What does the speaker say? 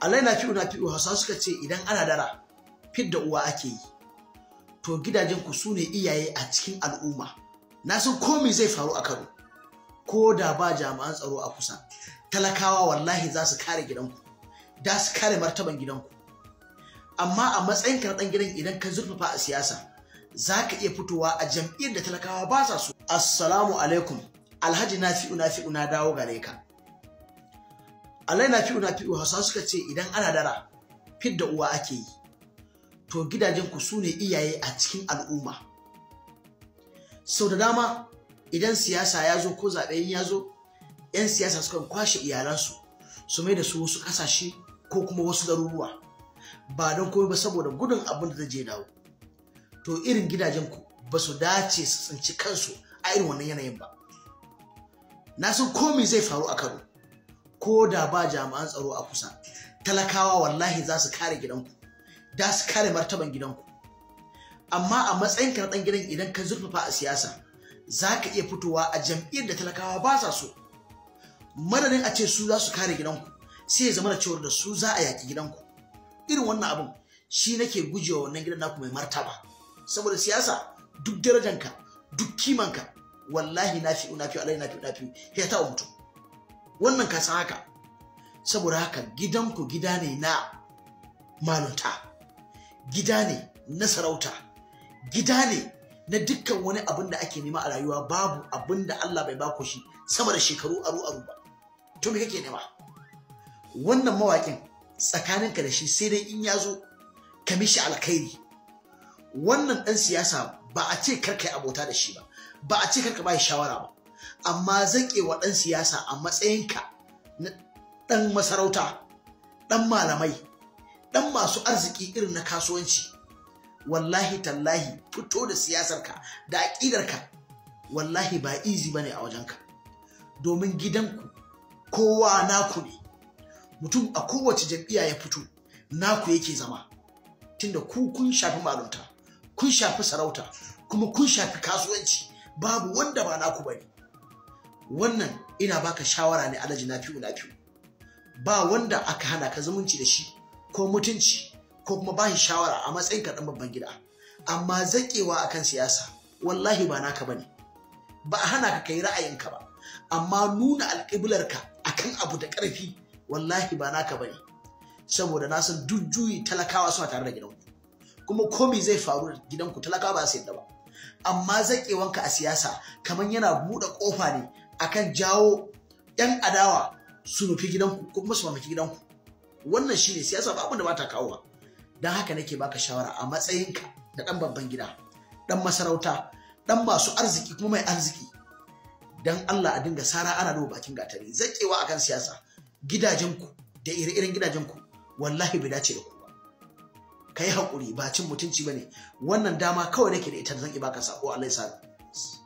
Allah yana fiɗu na fi'u hausa suka ce idan ana dara fidda uwa ake yi to gidajenku ku su ne iyaye a cikin al'umma na san komai zai faru a Kano ko da ba jami'an tsaro a kusa talakawa wallahi za su kare gidanku da su kare martaban gidanku amma a matsayin ka dan gidan idan ka zurfafa a siyasa za ka iya fitowa a jam'iyyar da talakawa ba sa so assalamu alaikum alhaji nafi'u nafi'u na dawo gare ka Allah na fi'u na fi'u Hausa suka ce idan ana dara fidda uwa ake yi to gidajen ku su ne iyaye a cikin al'umma sau da dama idan siyasa ya zo ko zaɓe ya zo 'yan siyasa sukan kwashe iyalansu su mai da su wasu ƙasashe ko kuma wasu garuruwa ba don komai ba saboda gudun abin da zai je dawo to irin gidajen ku ba su dace su tsinci kansu a irin wannan yanayin ba na san komai zai faru a kano ko da ba jami'an tsaro a kusa talakawa wallahi za su kare gidanku da su kare martaban gidanku amma a matsayin ka na dan gidan idan ka zurfafa a siyasa za ka iya fitowa a jam'iyyar da talakawa ba sa so madadin a ce su za su kare gidanku sai ya zama da cewar da su za a yaƙi gidanku irin wannan abin shi nake gujewa wannan gidan naku mai martaba saboda siyasa duk darajanka duk kimanka wallahi na fi na fi alai na fi na fi ya ta mutum wannan kasa haka saboda haka gidanku gida ne na malunta gida ne na sarauta gida ne na dukkan wani abin da ake nema a rayuwa babu abin da Allah bai baku shi sama da shekaru aru aru ba to me kake nema wannan mawakin tsakaninka da shi sai dai in ya zo ka mishi alkhairi wannan dan siyasa ba a ce karka abota da shi ba ba a ce karka ba shawara ba amma zaƙe wa ɗan siyasa a matsayinka na ɗan masarauta ɗan malamai ɗan masu arziki irin na kasuwanci wallahi tallahi fito da siyasarka da aƙidarka wallahi ba izi ba ne a wajenka domin gidanku kowa naku ne mutum a kowace jam'iyya ya fito naku yake zama tunda ku kun shafi malunta kun shafi sarauta kuma kun shafi kasuwanci babu wanda ba naku bane wannan ina baka shawara ne alaji na fi'u na fi'u ba wanda aka hana ka zumunci da shi ko mutunci ko kuma ba shi shawara a matsayin kaɗan dan babban gida amma zakewa akan siyasa wallahi ba naka bane ba a hana ka kai ra'ayinka ba amma nuna ka akan abu da ƙarfi wallahi ba naka bane saboda na san duk juyi talakawa suna tare da gidanku kuma komi zai faru da gidanku talakawa ba su yadda ba amma zaƙewanka a siyasa kamar yana buɗe ƙofa ne akan jawo 'yan adawa su nufi gidanku ko kuma su mamaki gidanku wannan shi ne siyasa babu da ba kawo kawowa don haka nake baka shawara a matsayinka da ɗan babban gida dan masarauta ɗan masu arziki kuma mai arziki don Allah a dinga sara ana duba bakin gatari zakewa akan siyasa gidajenku da ire-iren gidajenku wallahi bai dace da ku ba ka yi ba cin mutunci ba ne wannan dama kawai nake da ita zan iya baka sako Allah ya